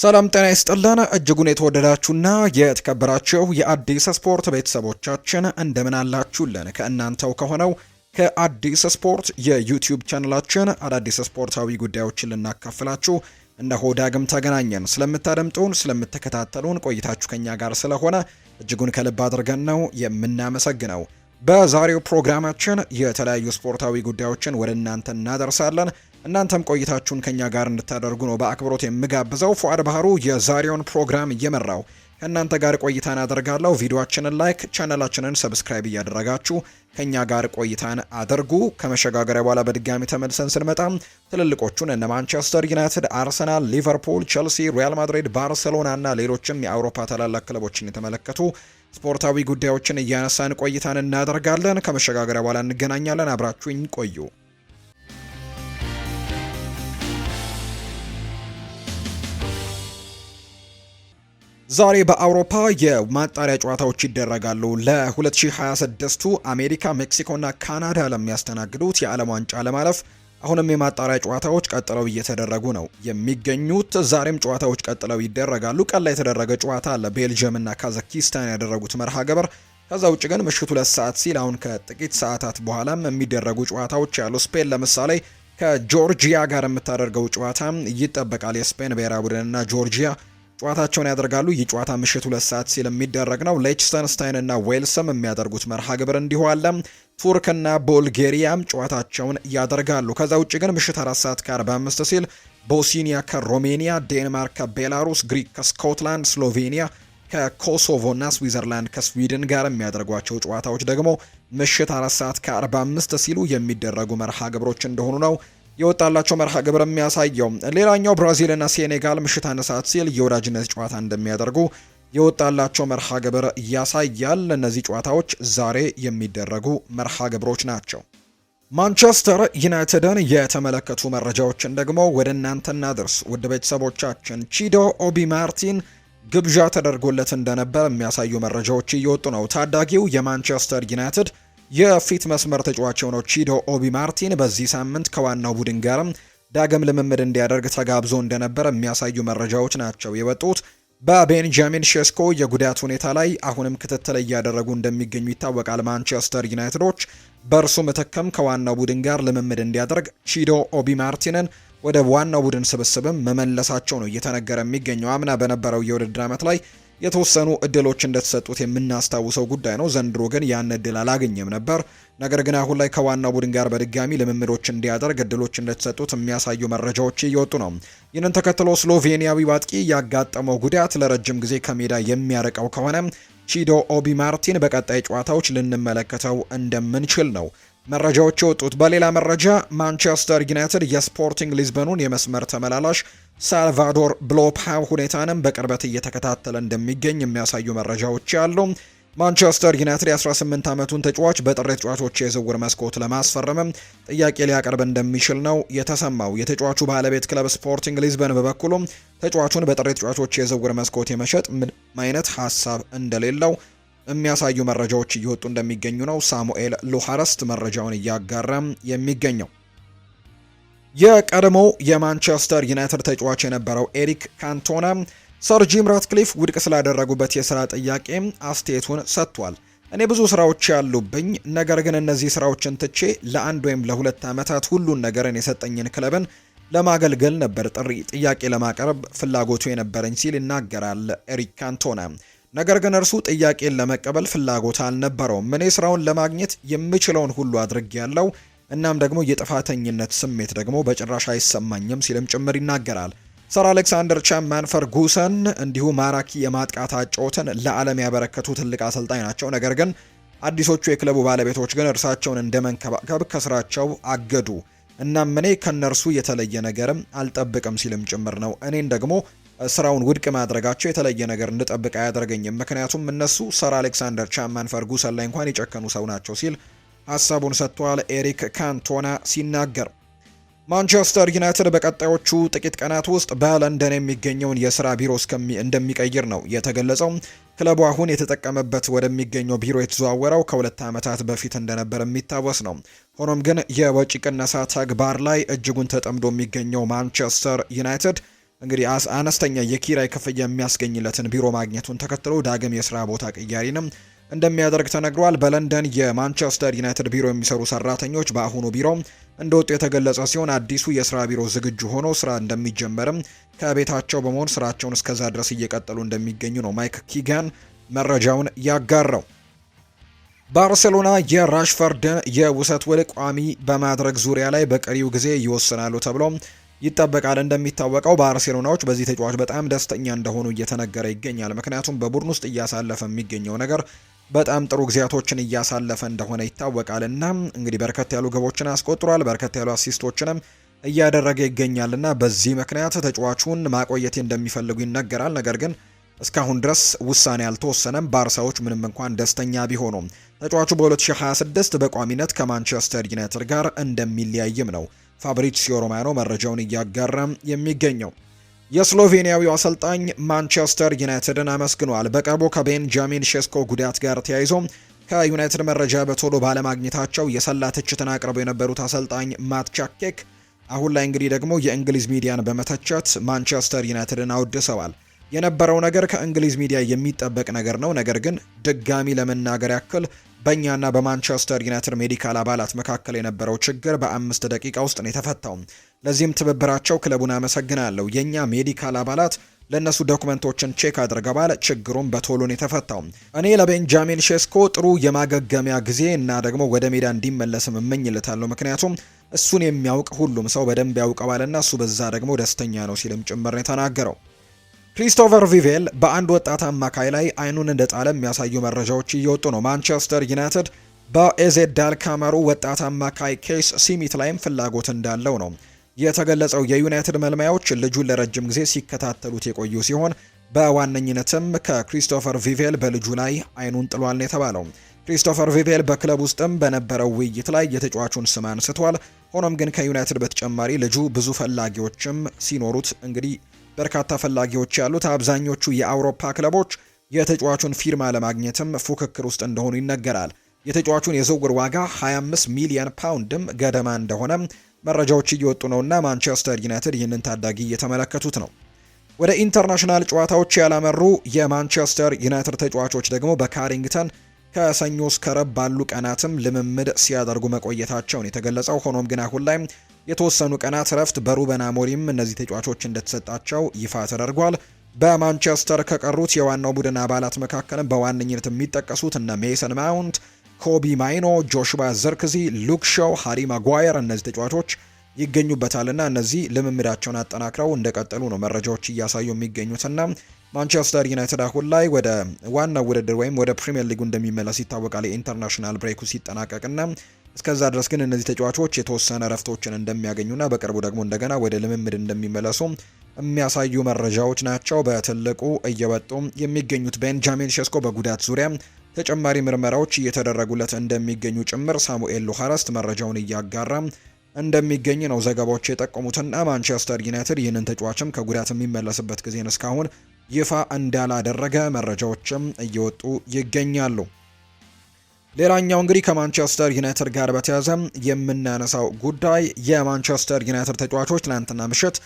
ሰላም ጤና ይስጥልን እጅጉን የተወደዳችሁና የተከበራችሁ የአዲስ ስፖርት ቤተሰቦቻችን እንደምን አላችሁልን? ከእናንተው ከሆነው ከአዲስ ስፖርት የዩቲዩብ ቻነላችን አዳዲስ ስፖርታዊ ጉዳዮችን ልናካፍላችሁ እነሆ ዳግም ተገናኘን። ስለምታደምጡን፣ ስለምትከታተሉን ቆይታችሁ ከኛ ጋር ስለሆነ እጅጉን ከልብ አድርገን ነው የምናመሰግነው። በዛሬው ፕሮግራማችን የተለያዩ ስፖርታዊ ጉዳዮችን ወደ እናንተ እናደርሳለን። እናንተም ቆይታችሁን ከኛ ጋር እንድታደርጉ ነው በአክብሮት የምጋብዘው። ፉአድ ባህሩ የዛሬውን ፕሮግራም እየመራው ከእናንተ ጋር ቆይታን አደርጋለሁ። ቪዲዮአችንን ላይክ፣ ቻነላችንን ሰብስክራይብ እያደረጋችሁ ከእኛ ጋር ቆይታን አድርጉ። ከመሸጋገሪያ በኋላ በድጋሚ ተመልሰን ስንመጣ ትልልቆቹን እነ ማንቸስተር ዩናይትድ፣ አርሰናል፣ ሊቨርፑል፣ ቸልሲ፣ ሪያል ማድሪድ፣ ባርሴሎና እና ሌሎችም የአውሮፓ ታላላቅ ክለቦችን የተመለከቱ ስፖርታዊ ጉዳዮችን እያነሳን ቆይታን እናደርጋለን። ከመሸጋገሪያ በኋላ እንገናኛለን። አብራችሁኝ ቆዩ። ዛሬ በአውሮፓ የማጣሪያ ጨዋታዎች ይደረጋሉ። ለ2026ቱ አሜሪካ፣ ሜክሲኮና ካናዳ ለሚያስተናግዱት የዓለም ዋንጫ ለማለፍ አሁንም የማጣሪያ ጨዋታዎች ቀጥለው እየተደረጉ ነው የሚገኙት። ዛሬም ጨዋታዎች ቀጥለው ይደረጋሉ። ቀን ላይ የተደረገ ጨዋታ አለ፣ ቤልጅየምና ካዛኪስታን ያደረጉት መርሃ ግብር። ከዛ ውጭ ግን ምሽቱ ሁለት ሰዓት ሲል አሁን ከጥቂት ሰዓታት በኋላም የሚደረጉ ጨዋታዎች ያሉ ስፔን ለምሳሌ ከጆርጂያ ጋር የምታደርገው ጨዋታ ይጠበቃል። የስፔን ብሔራዊ ቡድንና ጆርጂያ ጨዋታቸውን ያደርጋሉ። ይህ ጨዋታ ምሽት ሁለት ሰዓት ሲል የሚደረግ ነው። ሌችተንስታይን እና ዌልስም የሚያደርጉት መርሃ ግብር እንዲሁ አለ። ቱርክና ቦልጌሪያም ጨዋታቸውን ያደርጋሉ። ከዛ ውጭ ግን ምሽት አራት ሰዓት ከአርባ አምስት ሲል ቦስኒያ ከሮሜኒያ፣ ዴንማርክ ከቤላሩስ፣ ግሪክ ከስኮትላንድ፣ ስሎቬኒያ ከኮሶቮ እና ስዊዘርላንድ ከስዊድን ጋር የሚያደርጓቸው ጨዋታዎች ደግሞ ምሽት አራት ሰዓት ከአርባ አምስት ሲሉ የሚደረጉ መርሃ ግብሮች እንደሆኑ ነው የወጣላቸው መርሃ ግብር የሚያሳየው። ሌላኛው ብራዚልና ሴኔጋል ምሽት አንድ ሰዓት ሲል የወዳጅነት ጨዋታ እንደሚያደርጉ የወጣላቸው መርሃ ግብር ያሳያል። እነዚህ ጨዋታዎች ዛሬ የሚደረጉ መርሃ ግብሮች ናቸው። ማንቸስተር ዩናይትድን የተመለከቱ መረጃዎችን ደግሞ ወደ እናንተ እናድርስ፣ ውድ ቤተሰቦቻችን። ቺዶ ኦቢ ማርቲን ግብዣ ተደርጎለት እንደነበር የሚያሳዩ መረጃዎች እየወጡ ነው። ታዳጊው የማንቸስተር ዩናይትድ የፊት መስመር ተጫዋች የሆነው ቺዶ ኦቢ ማርቲን በዚህ ሳምንት ከዋናው ቡድን ጋርም ዳግም ልምምድ እንዲያደርግ ተጋብዞ እንደነበር የሚያሳዩ መረጃዎች ናቸው የወጡት። በቤንጃሚን ሼስኮ የጉዳት ሁኔታ ላይ አሁንም ክትትል እያደረጉ እንደሚገኙ ይታወቃል። ማንቸስተር ዩናይትዶች በእርሱ ምትክም ከዋናው ቡድን ጋር ልምምድ እንዲያደርግ ቺዶ ኦቢ ማርቲንን ወደ ዋናው ቡድን ስብስብም መመለሳቸው ነው እየተነገረ የሚገኘው። አምና በነበረው የውድድር ዓመት ላይ የተወሰኑ እድሎች እንደተሰጡት የምናስታውሰው ጉዳይ ነው። ዘንድሮ ግን ያን እድል አላገኘም ነበር። ነገር ግን አሁን ላይ ከዋናው ቡድን ጋር በድጋሚ ልምምዶች እንዲያደርግ እድሎች እንደተሰጡት የሚያሳዩ መረጃዎች እየወጡ ነው። ይህንን ተከትሎ ስሎቬኒያዊ አጥቂ ያጋጠመው ጉዳት ለረጅም ጊዜ ከሜዳ የሚያርቀው ከሆነ ቺዶ ኦቢ ማርቲን በቀጣይ ጨዋታዎች ልንመለከተው እንደምንችል ነው መረጃዎች የወጡት። በሌላ መረጃ ማንቸስተር ዩናይትድ የስፖርቲንግ ሊዝበኑን የመስመር ተመላላሽ ሳልቫዶር ብሎፓ ሁኔታንም በቅርበት እየተከታተለ እንደሚገኝ የሚያሳዩ መረጃዎች አሉ። ማንቸስተር ዩናይትድ የ18 ዓመቱን ተጫዋች በጥሬ ተጫዋቾች የዝውውር መስኮት ለማስፈረምም ጥያቄ ሊያቀርብ እንደሚችል ነው የተሰማው። የተጫዋቹ ባለቤት ክለብ ስፖርቲንግ ሊዝበን በበኩሉም ተጫዋቹን በጥሬ ተጫዋቾች የዝውውር መስኮት የመሸጥ ምንም አይነት ሀሳብ እንደሌለው የሚያሳዩ መረጃዎች እየወጡ እንደሚገኙ ነው ሳሙኤል ሉሃረስት መረጃውን እያጋራም የሚገኘው። የቀድሞው የማንቸስተር ዩናይትድ ተጫዋች የነበረው ኤሪክ ካንቶና ሰር ጂም ራትክሊፍ ውድቅ ስላደረጉበት የስራ ጥያቄ አስተያየቱን ሰጥቷል። እኔ ብዙ ስራዎች ያሉብኝ፣ ነገር ግን እነዚህ ስራዎችን ትቼ ለአንድ ወይም ለሁለት ዓመታት ሁሉን ነገርን የሰጠኝን ክለብን ለማገልገል ነበር ጥሪ ጥያቄ ለማቅረብ ፍላጎቱ የነበረኝ ሲል ይናገራል ኤሪክ ካንቶና። ነገር ግን እርሱ ጥያቄን ለመቀበል ፍላጎት አልነበረውም። እኔ ስራውን ለማግኘት የምችለውን ሁሉ አድርጌ ያለው እናም ደግሞ የጥፋተኝነት ስሜት ደግሞ በጭራሽ አይሰማኝም ሲልም ጭምር ይናገራል። ሰር አሌክሳንደር ቻፕማን ፈርጉሰን እንዲሁ ማራኪ የማጥቃት አጨዋወትን ለዓለም ያበረከቱ ትልቅ አሰልጣኝ ናቸው። ነገር ግን አዲሶቹ የክለቡ ባለቤቶች ግን እርሳቸውን እንደ መንከባከብ ከስራቸው አገዱ። እናም እኔ ከነርሱ የተለየ ነገርም አልጠብቅም ሲልም ጭምር ነው። እኔን ደግሞ ስራውን ውድቅ ማድረጋቸው የተለየ ነገር እንድጠብቅ አያደርገኝም፣ ምክንያቱም እነሱ ሰር አሌክሳንደር ቻፕማን ፈርጉሰን ላይ እንኳን የጨከኑ ሰው ናቸው ሲል ሀሳቡን ሰጥቷል ኤሪክ ካንቶና ሲናገር። ማንቸስተር ዩናይትድ በቀጣዮቹ ጥቂት ቀናት ውስጥ በለንደን የሚገኘውን የስራ ቢሮ እንደሚቀይር ነው የተገለጸው። ክለቡ አሁን የተጠቀመበት ወደሚገኘው ቢሮ የተዘዋወረው ከሁለት ዓመታት በፊት እንደነበር የሚታወስ ነው። ሆኖም ግን የወጪ ቅነሳ ተግባር ላይ እጅጉን ተጠምዶ የሚገኘው ማንቸስተር ዩናይትድ እንግዲህ አነስተኛ የኪራይ ክፍያ የሚያስገኝለትን ቢሮ ማግኘቱን ተከትሎ ዳግም የስራ ቦታ ቅያሪንም እንደሚያደርግ ተነግሯል። በለንደን የማንቸስተር ዩናይትድ ቢሮ የሚሰሩ ሰራተኞች በአሁኑ ቢሮ እንደወጡ የተገለጸ ሲሆን አዲሱ የስራ ቢሮ ዝግጁ ሆኖ ስራ እንደሚጀመርም ከቤታቸው በመሆን ስራቸውን እስከዛ ድረስ እየቀጠሉ እንደሚገኙ ነው ማይክ ኪጋን መረጃውን ያጋራው። ባርሴሎና የራሽፈርድን የውሰት ውል ቋሚ በማድረግ ዙሪያ ላይ በቀሪው ጊዜ ይወስናሉ ተብሎ ይጠበቃል። እንደሚታወቀው ባርሴሎናዎች በዚህ ተጫዋች በጣም ደስተኛ እንደሆኑ እየተነገረ ይገኛል። ምክንያቱም በቡድን ውስጥ እያሳለፈ የሚገኘው ነገር በጣም ጥሩ ጊዜያቶችን እያሳለፈ እንደሆነ ይታወቃል። እና እንግዲህ በርከት ያሉ ግቦችን አስቆጥሯል፣ በርከት ያሉ አሲስቶችንም እያደረገ ይገኛል። እና በዚህ ምክንያት ተጫዋቹን ማቆየት እንደሚፈልጉ ይነገራል። ነገር ግን እስካሁን ድረስ ውሳኔ አልተወሰነም። ባርሳዎች ምንም እንኳን ደስተኛ ቢሆኑም ተጫዋቹ በ2026 በቋሚነት ከማንቸስተር ዩናይትድ ጋር እንደሚለያይም ነው ፋብሪዚዮ ሮማኖ መረጃውን እያጋራ የሚገኘው። የስሎቬኒያዊው አሰልጣኝ ማንቸስተር ዩናይትድን አመስግኗል። በቅርቡ ከቤንጃሚን ሼስኮ ጉዳት ጋር ተያይዞ ከዩናይትድ መረጃ በቶሎ ባለማግኘታቸው የሰላ ትችትን አቅርበው የነበሩት አሰልጣኝ ማት ቻኬክ አሁን ላይ እንግዲህ ደግሞ የእንግሊዝ ሚዲያን በመተቸት ማንቸስተር ዩናይትድን አውድሰዋል። የነበረው ነገር ከእንግሊዝ ሚዲያ የሚጠበቅ ነገር ነው። ነገር ግን ድጋሚ ለመናገር ያክል በእኛና በማንቸስተር ዩናይትድ ሜዲካል አባላት መካከል የነበረው ችግር በአምስት ደቂቃ ውስጥ ነው የተፈታው። ለዚህም ትብብራቸው ክለቡን አመሰግናለሁ። የእኛ ሜዲካል አባላት ለእነሱ ዶኩመንቶችን ቼክ አድርገዋል። ችግሩን በቶሎን የተፈታው። እኔ ለቤንጃሚን ሼስኮ ጥሩ የማገገሚያ ጊዜ እና ደግሞ ወደ ሜዳ እንዲመለስም እመኝለታለሁ። ምክንያቱም እሱን የሚያውቅ ሁሉም ሰው በደንብ ያውቀዋልና እሱ በዛ ደግሞ ደስተኛ ነው ሲልም ጭምር ነው የተናገረው። ክሪስቶፈር ቪቬል በአንድ ወጣት አማካይ ላይ አይኑን እንደጣለ የሚያሳዩ መረጃዎች እየወጡ ነው። ማንቸስተር ዩናይትድ በኤዜዳል ካመሩ ወጣት አማካይ ኬስ ሲሚት ላይም ፍላጎት እንዳለው ነው የተገለጸው የዩናይትድ መልማያዎች ልጁን ለረጅም ጊዜ ሲከታተሉት የቆዩ ሲሆን በዋነኝነትም ከክሪስቶፈር ቪቬል በልጁ ላይ አይኑን ጥሏል ነው የተባለው። ክሪስቶፈር ቪቬል በክለብ ውስጥም በነበረው ውይይት ላይ የተጫዋቹን ስም አንስቷል። ሆኖም ግን ከዩናይትድ በተጨማሪ ልጁ ብዙ ፈላጊዎችም ሲኖሩት እንግዲህ በርካታ ፈላጊዎች ያሉት አብዛኞቹ የአውሮፓ ክለቦች የተጫዋቹን ፊርማ ለማግኘትም ፉክክር ውስጥ እንደሆኑ ይነገራል። የተጫዋቹን የዝውውር ዋጋ 25 ሚሊዮን ፓውንድም ገደማ እንደሆነ መረጃዎች እየወጡ ነውና ማንቸስተር ዩናይትድ ይህንን ታዳጊ እየተመለከቱት ነው። ወደ ኢንተርናሽናል ጨዋታዎች ያላመሩ የማንቸስተር ዩናይትድ ተጫዋቾች ደግሞ በካሪንግተን ከሰኞ እስከ ባሉ ቀናትም ልምምድ ሲያደርጉ መቆየታቸውን የተገለጸው ሆኖም ግን አሁን ላይ የተወሰኑ ቀናት እረፍት በሩበን አሞሪም እነዚህ ተጫዋቾች እንደተሰጣቸው ይፋ ተደርጓል። በማንቸስተር ከቀሩት የዋናው ቡድን አባላት መካከልም በዋነኝነት የሚጠቀሱት እነ ሜሰን ማውንት ኮቢ ማይኖ፣ ጆሽባ ዘርክዚ፣ ሉክ ሾው፣ ሃሪ ማጓየር እነዚህ ተጫዋቾች ይገኙበታልና እነዚህ ልምምዳቸውን አጠናክረው እንደቀጠሉ ነው መረጃዎች እያሳዩ የሚገኙትና ማንቸስተር ዩናይትድ አሁን ላይ ወደ ዋናው ውድድር ወይም ወደ ፕሪምየር ሊጉ እንደሚመለስ ይታወቃል። የኢንተርናሽናል ብሬኩ ሲጠናቀቅና እስከዛ ድረስ ግን እነዚህ ተጫዋቾች የተወሰነ ረፍቶችን እንደሚያገኙና በቅርቡ ደግሞ እንደገና ወደ ልምምድ እንደሚመለሱ የሚያሳዩ መረጃዎች ናቸው በትልቁ እየወጡ የሚገኙት። ቤንጃሚን ሸስኮ በጉዳት ዙሪያ ተጨማሪ ምርመራዎች እየተደረጉለት እንደሚገኙ ጭምር ሳሙኤል ሉሃረስት መረጃውን እያጋራም እንደሚገኝ ነው ዘገባዎች የጠቆሙትና ማንቸስተር ዩናይትድ ይህንን ተጫዋችም ከጉዳት የሚመለስበት ጊዜን እስካሁን ይፋ እንዳላደረገ መረጃዎችም እየወጡ ይገኛሉ። ሌላኛው እንግዲህ ከማንቸስተር ዩናይትድ ጋር በተያያዘ የምናነሳው ጉዳይ የማንቸስተር ዩናይትድ ተጫዋቾች ትናንትና ምሽት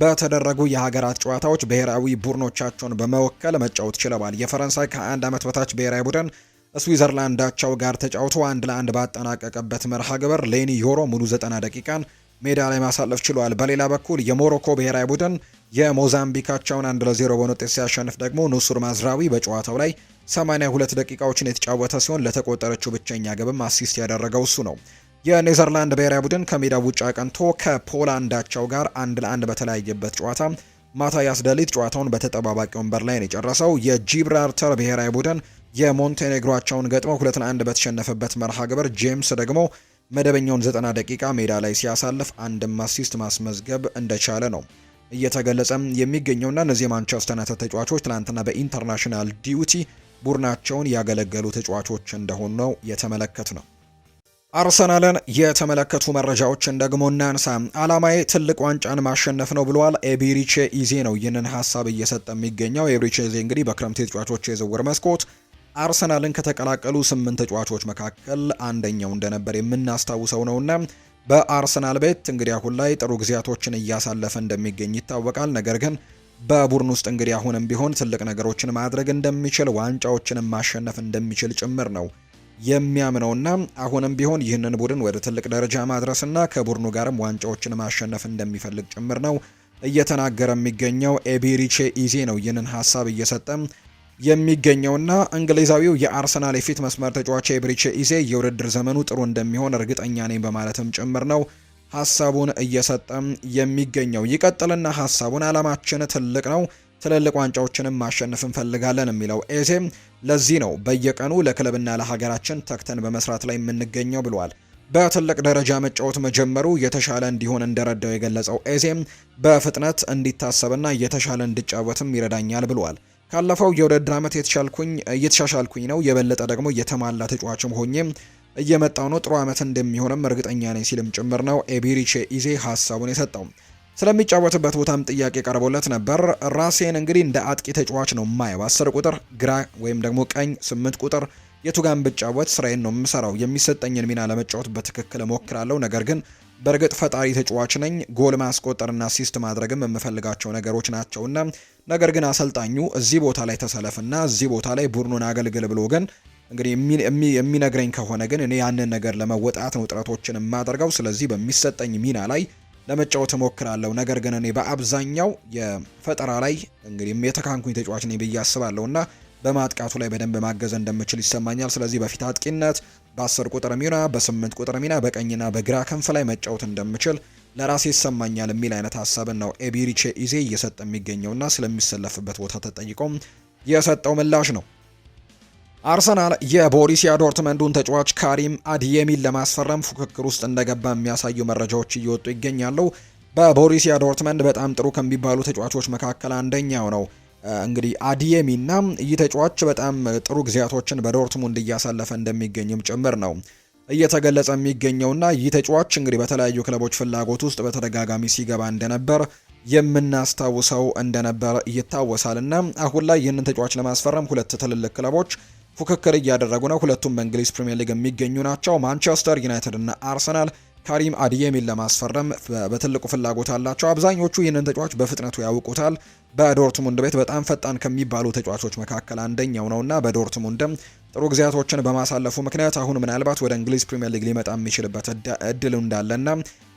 በተደረጉ የሀገራት ጨዋታዎች ብሔራዊ ቡድኖቻቸውን በመወከል መጫወት ችለዋል። የፈረንሳይ ከአንድ ዓመት በታች ብሔራዊ ቡድን ስዊዘርላንዳቸው ጋር ተጫውቶ አንድ ለአንድ ባጠናቀቀበት መርሃ ግብር ሌኒ ዮሮ ሙሉ 90 ደቂቃን ሜዳ ላይ ማሳለፍ ችሏል። በሌላ በኩል የሞሮኮ ብሔራዊ ቡድን የሞዛምቢካቸውን አንድ ለዜሮ በሆነ ውጤት ሲያሸንፍ ደግሞ ኑሱር ማዝራዊ በጨዋታው ላይ 82 ደቂቃዎችን የተጫወተ ሲሆን ለተቆጠረችው ብቸኛ ግብም አሲስት ያደረገው እሱ ነው። የኔዘርላንድ ብሔራዊ ቡድን ከሜዳው ውጭ አቅንቶ ከፖላንዳቸው ጋር አንድ ለአንድ በተለያየበት ጨዋታ ማታያስ ደሊት ጨዋታውን በተጠባባቂ ወንበር ላይ ነው የጨረሰው። የጂብራልተር ብሔራዊ ቡድን የሞንቴኔግሮቸውን ገጥመው ሁለት ለአንድ በተሸነፈበት መርሃ ግብር ጄምስ ደግሞ መደበኛውን ዘጠና ደቂቃ ሜዳ ላይ ሲያሳልፍ አንድም አሲስት ማስመዝገብ እንደቻለ ነው እየተገለጸም የሚገኘውና እነዚህ የማንቸስተር ዩናይትድ ተጫዋቾች ትናንትና በኢንተርናሽናል ዲዩቲ ቡድናቸውን ያገለገሉ ተጫዋቾች እንደሆኑ ነው የተመለከት ነው። አርሰናልን የተመለከቱ መረጃዎችን ደግሞ እናንሳ። አላማዬ ትልቅ ዋንጫን ማሸነፍ ነው ብለዋል። ኤቤሪቼ ኢዜ ነው ይህንን ሀሳብ እየሰጠ የሚገኘው። ኤቤሪቼ ኢዜ እንግዲህ በክረምት የተጫዋቾች የዝውውር መስኮት አርሰናልን ከተቀላቀሉ ስምንት ተጫዋቾች መካከል አንደኛው እንደነበር የምናስታውሰው ነውና በአርሰናል ቤት እንግዲህ አሁን ላይ ጥሩ ጊዜያቶችን እያሳለፈ እንደሚገኝ ይታወቃል። ነገር ግን በቡድን ውስጥ እንግዲህ አሁንም ቢሆን ትልቅ ነገሮችን ማድረግ እንደሚችል ዋንጫዎችንም ማሸነፍ እንደሚችል ጭምር ነው የሚያምነውና አሁንም ቢሆን ይህንን ቡድን ወደ ትልቅ ደረጃ ማድረስና ከቡድኑ ጋርም ዋንጫዎችን ማሸነፍ እንደሚፈልግ ጭምር ነው እየተናገረ የሚገኘው ኤቢሪቼ ኢዜ ነው ይህንን ሀሳብ እየሰጠ የሚገኘውና እንግሊዛዊው የአርሰናል የፊት መስመር ተጫዋች ኤብሪቼ ኢዜ የውድድር ዘመኑ ጥሩ እንደሚሆን እርግጠኛ ነኝ በማለትም ጭምር ነው ሀሳቡን እየሰጠም የሚገኘው። ይቀጥልና ሀሳቡን አላማችን ትልቅ ነው ትልልቅ ዋንጫዎችንም ማሸነፍ እንፈልጋለን የሚለው ኤዜም ለዚህ ነው በየቀኑ ለክለብና ለሀገራችን ተክተን በመስራት ላይ የምንገኘው ብሏል። በትልቅ ደረጃ መጫወት መጀመሩ የተሻለ እንዲሆን እንደረዳው የገለጸው ኤዜም በፍጥነት እንዲታሰብና የተሻለ እንዲጫወትም ይረዳኛል ብሏል። ካለፈው የውድድር ዓመት እየተሻሻልኩኝ ነው፣ የበለጠ ደግሞ የተሟላ ተጫዋችም ሆኜም እየመጣው ነው። ጥሩ ዓመት እንደሚሆንም እርግጠኛ ነኝ ሲልም ጭምር ነው ኤቢሪቼ ኢዜ ሀሳቡን የሰጠው። ስለሚጫወትበት ቦታም ጥያቄ ቀርቦለት ነበር። ራሴን እንግዲህ እንደ አጥቂ ተጫዋች ነው የማየው። አስር ቁጥር ግራ ወይም ደግሞ ቀኝ፣ ስምንት ቁጥር የቱጋን ብጫወት ስራዬን ነው የምሰራው። የሚሰጠኝን ሚና ለመጫወት በትክክል እሞክራለሁ። ነገር ግን በእርግጥ ፈጣሪ ተጫዋች ነኝ። ጎል ማስቆጠርና አሲስት ማድረግም የምፈልጋቸው ነገሮች ናቸውና ነገር ግን አሰልጣኙ እዚህ ቦታ ላይ ተሰለፍና እዚህ ቦታ ላይ ቡድኑን አገልግል ብሎ ግን እንግዲህ የሚነግረኝ ከሆነ ግን እኔ ያንን ነገር ለመወጣት ነው ጥረቶችን የማደርገው። ስለዚህ በሚሰጠኝ ሚና ላይ ለመጫወት እሞክራለሁ። ነገር ግን እኔ በአብዛኛው የፈጠራ ላይ እንግዲህ የተካንኩኝ ተጫዋች ነኝ ብዬ አስባለሁ እና በማጥቃቱ ላይ በደንብ ማገዝ እንደምችል ይሰማኛል። ስለዚህ በፊት አጥቂነት፣ በ10 ቁጥር ሚና፣ በ8 ቁጥር ሚና፣ በቀኝና በግራ ክንፍ ላይ መጫወት እንደምችል ለራሴ ይሰማኛል የሚል አይነት ሀሳብን ነው ኤቢሪቼ ኢዜ እየሰጠ የሚገኘውና ስለሚሰለፍበት ቦታ ተጠይቆም የሰጠው ምላሽ ነው። አርሰናል የቦሪሲያ ዶርትመንዱን ተጫዋች ካሪም አድየሚን ለማስፈረም ፉክክር ውስጥ እንደገባ የሚያሳዩ መረጃዎች እየወጡ ይገኛሉ። በቦሪሲያ ዶርትመንድ በጣም ጥሩ ከሚባሉ ተጫዋቾች መካከል አንደኛው ነው። እንግዲህ አድየሚና ይህ ተጫዋች በጣም ጥሩ ጊዜያቶችን በዶርትሙንድ እያሳለፈ እንደሚገኝም ጭምር ነው እየተገለጸ የሚገኘውና ይህ ተጫዋች እንግዲህ በተለያዩ ክለቦች ፍላጎት ውስጥ በተደጋጋሚ ሲገባ እንደነበር የምናስታውሰው እንደነበር ይታወሳል። እና አሁን ላይ ይህንን ተጫዋች ለማስፈረም ሁለት ትልልቅ ክለቦች ፉክክር እያደረጉ ነው። ሁለቱም በእንግሊዝ ፕሪምየር ሊግ የሚገኙ ናቸው። ማንቸስተር ዩናይትድ እና አርሰናል ካሪም አዲየሚን ለማስፈረም በትልቁ ፍላጎት አላቸው። አብዛኞቹ ይህንን ተጫዋች በፍጥነቱ ያውቁታል። በዶርትሙንድ ቤት በጣም ፈጣን ከሚባሉ ተጫዋቾች መካከል አንደኛው እና በዶርትሙንድም ጥሩ ጊዜያቶችን በማሳለፉ ምክንያት አሁን ምናልባት ወደ እንግሊዝ ፕሪምየር ሊግ ሊመጣ የሚችልበት እድል እንዳለና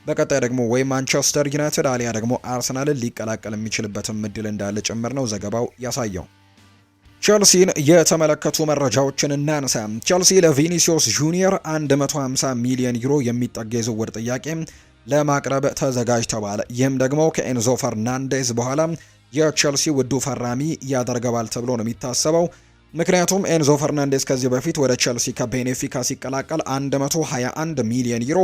በቀጣይ ደግሞ ወይም ማንቸስተር ዩናይትድ አሊያ ደግሞ አርሰናልን ሊቀላቀል የሚችልበትም እድል እንዳለ ጭምር ነው ዘገባው ያሳየው። ቸልሲን የተመለከቱ መረጃዎችን እናንሳ። ቸልሲ ለቪኒሲዮስ ጁኒየር 150 ሚሊዮን ዩሮ የሚጠጋ የዝውውር ጥያቄ ለማቅረብ ተዘጋጅተዋል። ይህም ደግሞ ከኤንዞ ፈርናንዴዝ በኋላ የቸልሲ ውዱ ፈራሚ ያደርገዋል ተብሎ ነው የሚታሰበው። ምክንያቱም ኤንዞ ፈርናንዴስ ከዚህ በፊት ወደ ቸልሲ ከቤኔፊካ ሲቀላቀል 121 ሚሊዮን ዩሮ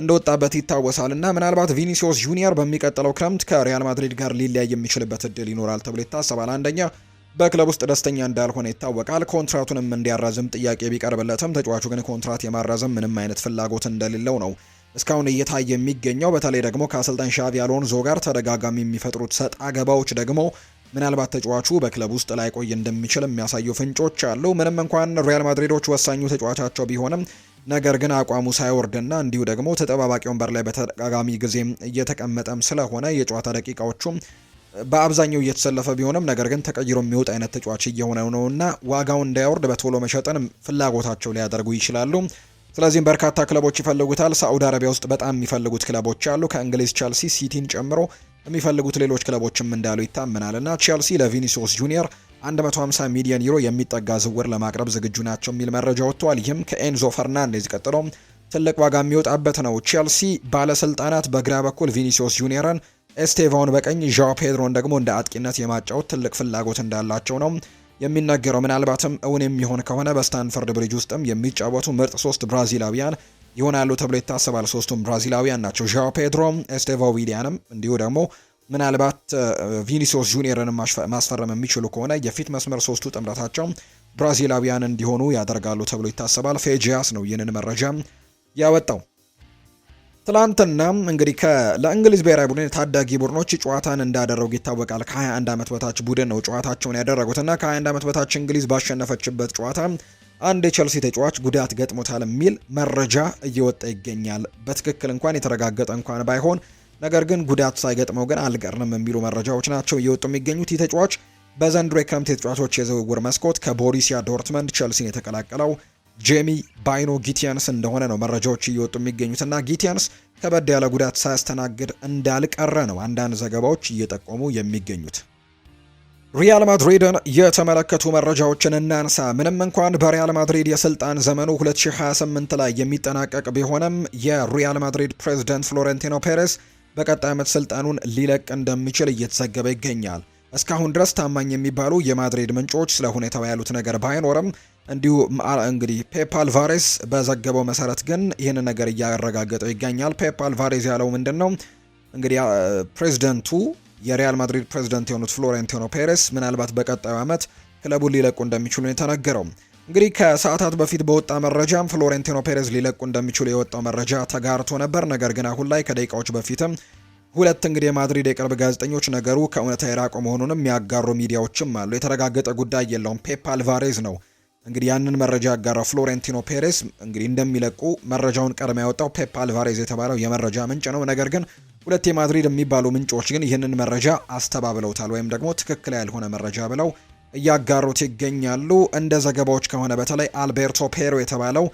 እንደወጣበት ይታወሳል እና ምናልባት ቪኒሲዮስ ጁኒየር በሚቀጥለው ክረምት ከሪያል ማድሪድ ጋር ሊለያይ የሚችልበት እድል ይኖራል ተብሎ ይታሰባል። አንደኛ በክለብ ውስጥ ደስተኛ እንዳልሆነ ይታወቃል። ኮንትራቱንም እንዲያራዝም ጥያቄ ቢቀርብለትም ተጫዋቹ ግን ኮንትራት የማራዘም ምንም አይነት ፍላጎት እንደሌለው ነው እስካሁን እየታየ የሚገኘው። በተለይ ደግሞ ከአሰልጣኝ ሻቪ አሎንዞ ጋር ተደጋጋሚ የሚፈጥሩት ሰጥ አገባዎች ደግሞ ምናልባት ተጫዋቹ በክለብ ውስጥ ላይቆይ እንደሚችል የሚያሳዩ ፍንጮች አሉ። ምንም እንኳን ሪያል ማድሪዶች ወሳኙ ተጫዋቻቸው ቢሆንም ነገር ግን አቋሙ ሳይወርድና እንዲሁ ደግሞ ተጠባባቂ ወንበር ላይ በተደጋጋሚ ጊዜ እየተቀመጠም ስለሆነ የጨዋታ ደቂቃዎቹም በአብዛኛው እየተሰለፈ ቢሆንም ነገር ግን ተቀይሮ የሚወጥ አይነት ተጫዋች እየሆነ እና ዋጋው እንዳያወርድ በቶሎ መሸጥን ፍላጎታቸው ሊያደርጉ ይችላሉ። ስለዚህም በርካታ ክለቦች ይፈልጉታል። ሳዑዲ አረቢያ ውስጥ በጣም የሚፈልጉት ክለቦች አሉ። ከእንግሊዝ ቸልሲ፣ ሲቲን ጨምሮ የሚፈልጉት ሌሎች ክለቦችም እንዳሉ ይታመናል እና ቸልሲ ለቪኒሲዮስ ጁኒየር 150 ሚሊዮን ዩሮ የሚጠጋ ዝውውር ለማቅረብ ዝግጁ ናቸው የሚል መረጃ ወጥቷል። ይህም ከኤንዞ ፈርናንዴዝ ቀጥሎ ትልቅ ዋጋ የሚወጣበት ነው። ቼልሲ ባለስልጣናት በግራ በኩል ቪኒሲዮስ ጁኒየርን ኤስቴቫውን በቀኝ ዣ ፔድሮን ደግሞ እንደ አጥቂነት የማጫወት ትልቅ ፍላጎት እንዳላቸው ነው የሚነገረው። ምናልባትም እውን የሚሆን ከሆነ በስታንፈርድ ብሪጅ ውስጥም የሚጫወቱ ምርጥ ሶስት ብራዚላዊያን ይሆናሉ ተብሎ ይታሰባል። ሶስቱም ብራዚላዊያን ናቸው። ዣ ፔድሮ፣ ኤስቴቫ ዊሊያንም እንዲሁ ደግሞ ምናልባት ቪኒሲዮስ ጁኒየርን ማስፈረም የሚችሉ ከሆነ የፊት መስመር ሶስቱ ጥምረታቸው ብራዚላዊያን እንዲሆኑ ያደርጋሉ ተብሎ ይታሰባል። ፌጂያስ ነው ይህንን መረጃ ያወጣው። ትላንትና እንግዲህ ለእንግሊዝ ብሔራዊ ቡድን የታዳጊ ቡድኖች ጨዋታን እንዳደረጉ ይታወቃል። ከ21 ዓመት በታች ቡድን ነው ጨዋታቸውን ያደረጉትና ከ21 ዓመት በታች እንግሊዝ ባሸነፈችበት ጨዋታ አንድ የቸልሲ ተጫዋች ጉዳት ገጥሞታል የሚል መረጃ እየወጣ ይገኛል። በትክክል እንኳን የተረጋገጠ እንኳን ባይሆን ነገር ግን ጉዳት ሳይገጥመው ግን አልቀርንም የሚሉ መረጃዎች ናቸው እየወጡ የሚገኙት። ይህ ተጫዋች በዘንድሮ የክረምት የተጫዋቾች የዝውውር መስኮት ከቦሪሲያ ዶርትመንድ ቸልሲን የተቀላቀለው ጄሚ ባይኖ ጊቲያንስ እንደሆነ ነው መረጃዎች እየወጡ እና ጊቲያንስ ከበድ ያለ ጉዳት ሳያስተናግድ እንዳልቀረ ነው አንዳንድ ዘገባዎች እየጠቆሙ የሚገኙት። ሪያል ማድሪድን የተመለከቱ መረጃዎችን እናንሳ። ምንም እንኳን በሪያል ማድሪድ የስልጣን ዘመኑ 2028 ላይ የሚጠናቀቅ ቢሆንም የሪያል ማድሪድ ፕሬዝዳንት ፍሎረንቲኖ ፔሬስ በቀጣይ ዓመት ስልጣኑን ሊለቅ እንደሚችል እየተዘገበ ይገኛል። እስካሁን ድረስ ታማኝ የሚባሉ የማድሪድ ምንጮች ስለ ሁኔታው ያሉት ነገር ባይኖርም እንዲሁ እንግዲህ ፔፕ አልቫሬስ በዘገበው መሰረት ግን ይህን ነገር እያረጋገጠው ይገኛል። ፔፕ አልቫሬስ ያለው ምንድን ነው እንግዲህ ፕሬዚደንቱ የሪያል ማድሪድ ፕሬዚደንት የሆኑት ፍሎሬንቲኖ ፔሬስ ምናልባት በቀጣዩ ዓመት ክለቡን ሊለቁ እንደሚችሉ ነው የተነገረው። እንግዲህ ከሰዓታት በፊት በወጣ መረጃም ፍሎሬንቲኖ ፔሬዝ ሊለቁ እንደሚችሉ የወጣው መረጃ ተጋርቶ ነበር። ነገር ግን አሁን ላይ ከደቂቃዎች በፊትም ሁለት እንግዲህ የማድሪድ የቅርብ ጋዜጠኞች ነገሩ ከእውነታ የራቀ መሆኑንም የሚያጋሩ ሚዲያዎችም አሉ። የተረጋገጠ ጉዳይ የለውም ፔፕ አልቫሬዝ ነው እንግዲህ ያንን መረጃ ያጋራው ፍሎሬንቲኖ ፔሬስ እንግዲህ እንደሚለቁ መረጃውን ቀድሞ ያወጣው ፔፕ አልቫሬዝ የተባለው የመረጃ ምንጭ ነው። ነገር ግን ሁለት የማድሪድ የሚባሉ ምንጮች ግን ይህንን መረጃ አስተባብለውታል ወይም ደግሞ ትክክል ያልሆነ መረጃ ብለው እያጋሩት ይገኛሉ። እንደ ዘገባዎች ከሆነ በተለይ አልቤርቶ ፔሮ የተባለው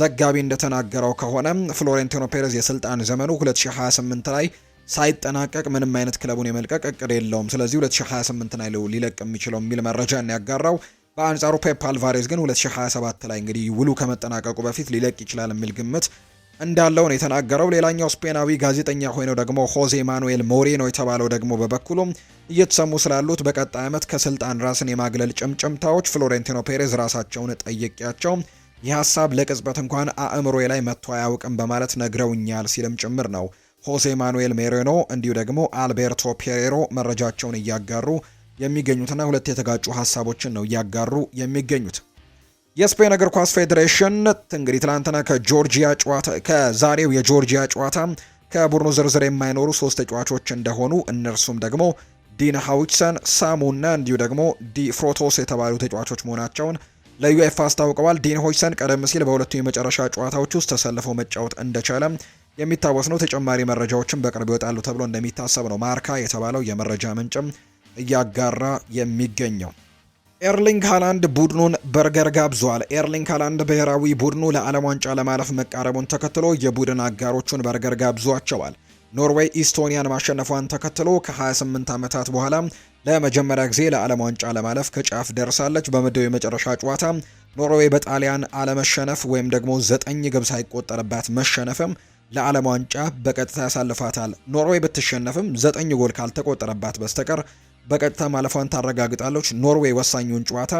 ዘጋቢ እንደተናገረው ከሆነ ፍሎሬንቲኖ ፔሬዝ የስልጣን ዘመኑ 2028 ላይ ሳይጠናቀቅ ምንም አይነት ክለቡን የመልቀቅ እቅድ የለውም። ስለዚህ 2028 ላይ ሊለቅ የሚችለው የሚል መረጃ ያጋራው። በአንጻሩ ፔፕ አልቫሬዝ ግን 2027 ላይ እንግዲህ ውሉ ከመጠናቀቁ በፊት ሊለቅ ይችላል የሚል ግምት እንዳለው የተናገረው። ሌላኛው ስፔናዊ ጋዜጠኛ ሆነው ደግሞ ሆዜ ማኑኤል ሞሬኖ የተባለው ደግሞ በበኩሉም እየተሰሙ ስላሉት በቀጣይ ዓመት ከስልጣን ራስን የማግለል ጭምጭምታዎች ፍሎሬንቲኖ ፔሬዝ ራሳቸውን ጠይቄያቸው ይህ ሀሳብ ለቅጽበት እንኳን አእምሮ ላይ መጥቶ አያውቅም በማለት ነግረውኛል ሲልም ጭምር ነው ሆሴ ማኑኤል ሜሬኖ እንዲሁ ደግሞ አልቤርቶ ፔሬሮ መረጃቸውን እያጋሩ የሚገኙትና ሁለት የተጋጩ ሀሳቦችን ነው እያጋሩ የሚገኙት። የስፔን እግር ኳስ ፌዴሬሽን እንግዲህ ትላንትና ከጆርጂያ ጨዋታ ከዛሬው የጆርጂያ ጨዋታ ከቡድኑ ዝርዝር የማይኖሩ ሶስት ተጫዋቾች እንደሆኑ እነርሱም ደግሞ ዲን ሃውችሰን፣ ሳሙና እንዲሁ ደግሞ ዲ ፍሮቶስ የተባሉ ተጫዋቾች መሆናቸውን ለዩኤፋ አስታውቀዋል። ዲን ሆችሰን ቀደም ሲል በሁለቱ የመጨረሻ ጨዋታዎች ውስጥ ተሰልፈው መጫወት እንደቻለ የሚታወስ ነው። ተጨማሪ መረጃዎችን በቅርብ ይወጣሉ ተብሎ እንደሚታሰብ ነው ማርካ የተባለው የመረጃ ምንጭም እያጋራ የሚገኘው። ኤርሊንግ ሃላንድ ቡድኑን በርገር ጋብዟል። ኤርሊንግ ሃላንድ ብሔራዊ ቡድኑ ለዓለም ዋንጫ ለማለፍ መቃረቡን ተከትሎ የቡድን አጋሮቹን በርገር ጋብዟቸዋል። ኖርዌይ ኢስቶኒያን ማሸነፏን ተከትሎ ከ28 ዓመታት በኋላ ለመጀመሪያ ጊዜ ለዓለም ዋንጫ ለማለፍ ከጫፍ ደርሳለች። በምድብ የመጨረሻ ጨዋታ ኖርዌይ በጣሊያን አለመሸነፍ ወይም ደግሞ ዘጠኝ ግብ ሳይቆጠርባት መሸነፍም ለዓለም ዋንጫ በቀጥታ ያሳልፋታል። ኖርዌይ ብትሸነፍም ዘጠኝ ጎል ካልተቆጠረባት በስተቀር በቀጥታ ማለፏን ታረጋግጣለች። ኖርዌይ ወሳኙን ጨዋታ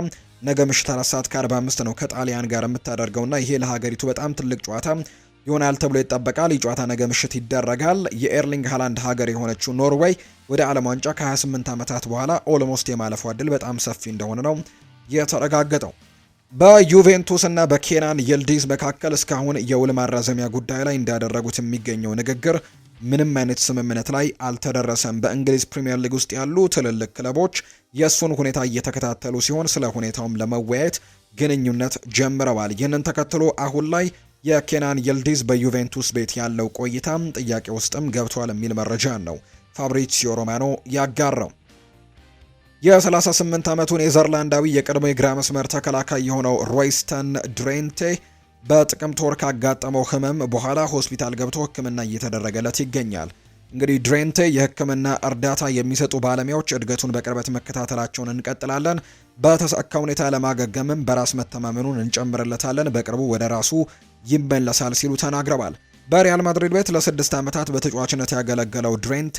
ነገ ምሽት አራት ሰዓት ከ45 ነው ከጣሊያን ጋር የምታደርገውና ይሄ ለሀገሪቱ በጣም ትልቅ ጨዋታ ይሆናል ተብሎ ይጠበቃል። ይህ ጨዋታ ነገ ምሽት ይደረጋል። የኤርሊንግ ሃላንድ ሀገር የሆነችው ኖርዌይ ወደ ዓለም ዋንጫ ከ28 ዓመታት በኋላ ኦልሞስት የማለፏ እድል በጣም ሰፊ እንደሆነ ነው የተረጋገጠው። በዩቬንቱስ እና በኬናን ይልዲዝ መካከል እስካሁን የውል ማራዘሚያ ጉዳይ ላይ እንዳደረጉት የሚገኘው ንግግር ምንም አይነት ስምምነት ላይ አልተደረሰም። በእንግሊዝ ፕሪምየር ሊግ ውስጥ ያሉ ትልልቅ ክለቦች የእሱን ሁኔታ እየተከታተሉ ሲሆን ስለ ሁኔታውም ለመወያየት ግንኙነት ጀምረዋል። ይህንን ተከትሎ አሁን ላይ የኬናን የልዲዝ በዩቬንቱስ ቤት ያለው ቆይታም ጥያቄ ውስጥም ገብቷል የሚል መረጃ ነው ፋብሪሲዮ ሮማኖ ያጋራው። የ38 ዓመቱ ኔዘርላንዳዊ የቀድሞ የግራ መስመር ተከላካይ የሆነው ሮይስተን ድሬንቴ በጥቅምት ወር ካጋጠመው ህመም በኋላ ሆስፒታል ገብቶ ህክምና እየተደረገለት ይገኛል። እንግዲህ ድሬንቴ የህክምና እርዳታ የሚሰጡ ባለሙያዎች እድገቱን በቅርበት መከታተላቸውን እንቀጥላለን። በተሳካ ሁኔታ ለማገገምም በራስ መተማመኑን እንጨምርለታለን። በቅርቡ ወደ ራሱ ይመለሳል ሲሉ ተናግረዋል። በሪያል ማድሪድ ቤት ለስድስት ዓመታት በተጫዋችነት ያገለገለው ድሬንቴ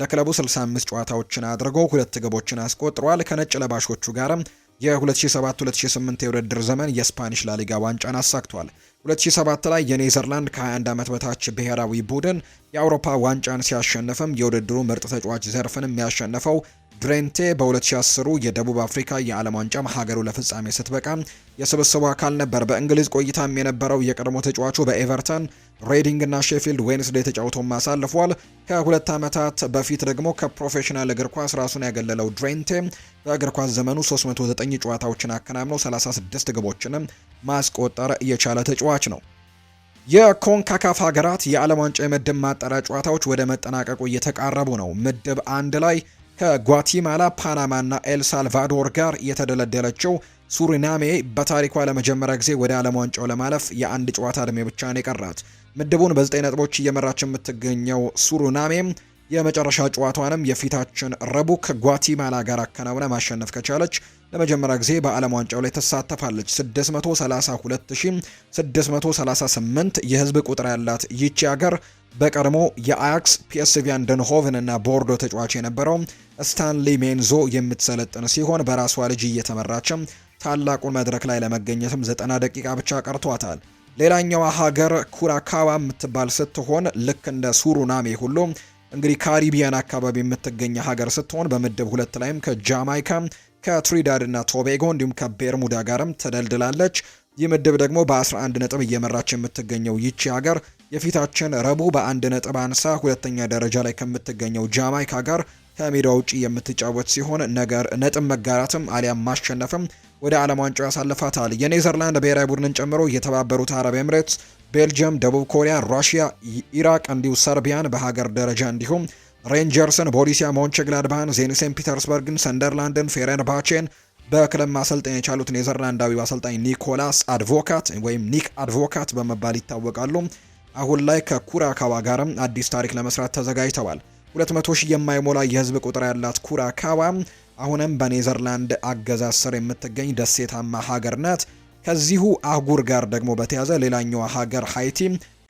ለክለቡ 65 ጨዋታዎችን አድርጎ ሁለት ግቦችን አስቆጥሯል። ከነጭ ለባሾቹ ጋርም የ2007-2008 የውድድር ዘመን የስፓኒሽ ላሊጋ ዋንጫን አሳክቷል። 2007 ላይ የኔዘርላንድ ከ21 ዓመት በታች ብሔራዊ ቡድን የአውሮፓ ዋንጫን ሲያሸንፍም የውድድሩ ምርጥ ተጫዋች ዘርፍን የሚያሸንፈው ድሬንቴ በ2010 የደቡብ አፍሪካ የዓለም ዋንጫም ሀገሩ ለፍጻሜ ስትበቃ የስብስቡ አካል ነበር። በእንግሊዝ ቆይታም የነበረው የቀድሞ ተጫዋቹ በኤቨርተን፣ ሬዲንግ እና ሼፊልድ ዌንስዴ ተጫውቶም አሳልፏል። ከሁለት ዓመታት በፊት ደግሞ ከፕሮፌሽናል እግር ኳስ ራሱን ያገለለው ድሬንቴ በእግር ኳስ ዘመኑ 309 ጨዋታዎችን አከናምኖ 36 ግቦችንም ማስቆጠር የቻለ ተጫዋች ነው። የኮንካካፍ ሀገራት የዓለም ዋንጫ የምድብ ማጣሪያ ጨዋታዎች ወደ መጠናቀቁ እየተቃረቡ ነው። ምድብ አንድ ላይ ከጓቲማላ ፓናማና ኤልሳልቫዶር ጋር የተደለደለችው ሱሪናሜ በታሪኳ ለመጀመሪያ ጊዜ ወደ ዓለም ዋንጫው ለማለፍ የአንድ ጨዋታ ዕድሜ ብቻ ነው የቀራት። ምድቡን በ9 ነጥቦች እየመራች የምትገኘው ሱሩናሜም የመጨረሻ ጨዋታዋንም የፊታችን ረቡዕ ከጓቲማላ ጋር አከናውነ ማሸነፍ ከቻለች ለመጀመሪያ ጊዜ በዓለም ዋንጫው ላይ ትሳተፋለች። 632638 የህዝብ ቁጥር ያላት ይቺ ሀገር በቀድሞ የአያክስ ፒኤስቪ አንደንሆቨን እና ቦርዶ ተጫዋች የነበረው ስታንሊ ሜንዞ የምትሰለጥን ሲሆን በራሷ ልጅ እየተመራችም ታላቁን መድረክ ላይ ለመገኘትም ዘጠና ደቂቃ ብቻ ቀርቷታል። ሌላኛዋ ሀገር ኩራካዋ የምትባል ስትሆን ልክ እንደ ሱሩናሜ ሁሉ እንግዲህ ካሪቢያን አካባቢ የምትገኝ ሀገር ስትሆን በምድብ ሁለት ላይም ከጃማይካ ከትሪዳድ እና ቶቤጎ እንዲሁም ከቤርሙዳ ጋርም ተደልድላለች። ይህ ምድብ ደግሞ በ11 ነጥብ እየመራች የምትገኘው ይቺ ሀገር የፊታችን ረቡ በአንድ ነጥብ አንሳ ሁለተኛ ደረጃ ላይ ከምትገኘው ጃማይካ ጋር ከሜዳ ውጭ የምትጫወት ሲሆን ነገር ነጥብ መጋራትም አሊያም ማሸነፍም ወደ ዓለም ዋንጫው ያሳልፋታል። የኔዘርላንድ ብሔራዊ ቡድንን ጨምሮ የተባበሩት አረብ ኤምሬትስ፣ ቤልጅየም፣ ደቡብ ኮሪያ፣ ራሽያ፣ ኢራቅ እንዲሁ ሰርቢያን በሀገር ደረጃ እንዲሁም ሬንጀርስን፣ ቦሪሲያ ሞንቸግላድባህን፣ ዜኒ ሴንት ፒተርስበርግን፣ ሰንደርላንድን፣ ባቼን በክለብ ማሰልጠን የቻሉት ኔዘርላንዳዊው አሰልጣኝ ኒኮላስ አድቮካት ወይም ኒክ አድቮካት በመባል ይታወቃሉ። አሁን ላይ ከኩራካዋ ጋርም አዲስ ታሪክ ለመስራት ተዘጋጅተዋል። 200 ሺህ የማይሞላ የህዝብ ቁጥር ያላት ኩራካዋ አሁንም በኔዘርላንድ አገዛዝ ስር የምትገኝ ደሴታማ ሀገር ናት። ከዚሁ አህጉር ጋር ደግሞ በተያዘ ሌላኛዋ ሀገር ሀይቲ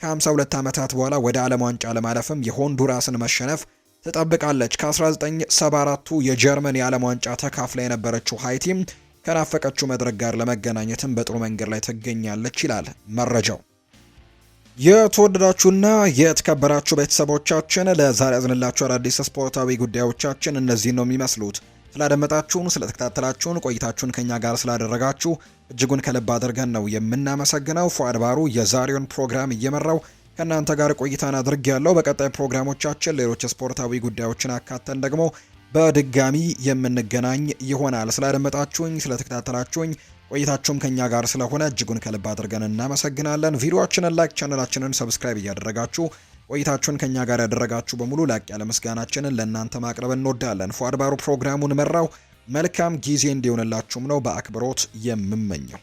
ከ52 ዓመታት በኋላ ወደ ዓለም ዋንጫ ለማለፍም የሆንዱራስን መሸነፍ ትጠብቃለች። ከ1974ቱ የጀርመን የዓለም ዋንጫ ተካፍላ የነበረችው ሀይቲም ከናፈቀችው መድረክ ጋር ለመገናኘትም በጥሩ መንገድ ላይ ትገኛለች ይላል መረጃው። የተወደዳችሁና የተከበራችሁ ቤተሰቦቻችን ለዛሬ ያዝንላችሁ አዳዲስ ስፖርታዊ ጉዳዮቻችን እነዚህን ነው የሚመስሉት። ስላደመጣችሁን፣ ስለተከታተላችሁን፣ ቆይታችሁን ከኛ ጋር ስላደረጋችሁ እጅጉን ከልብ አድርገን ነው የምናመሰግነው። ፏድ ባሩ የዛሬውን ፕሮግራም እየመራው ከእናንተ ጋር ቆይታን አድርግ ያለው። በቀጣይ ፕሮግራሞቻችን ሌሎች ስፖርታዊ ጉዳዮችን አካተን ደግሞ በድጋሚ የምንገናኝ ይሆናል። ስላደመጣችሁኝ፣ ስለተከታተላችሁኝ ቆይታችሁም ከኛ ጋር ስለሆነ እጅጉን ከልብ አድርገን እናመሰግናለን። ቪዲዮአችንን ላይክ፣ ቻነላችንን ሰብስክራይብ እያደረጋችሁ ቆይታችሁን ከኛ ጋር ያደረጋችሁ በሙሉ ላቅ ያለ ምስጋናችንን ለእናንተ ማቅረብ እንወዳለን። ፏድባሩ ፕሮግራሙን መራው። መልካም ጊዜ እንዲሆንላችሁም ነው በአክብሮት የምመኘው።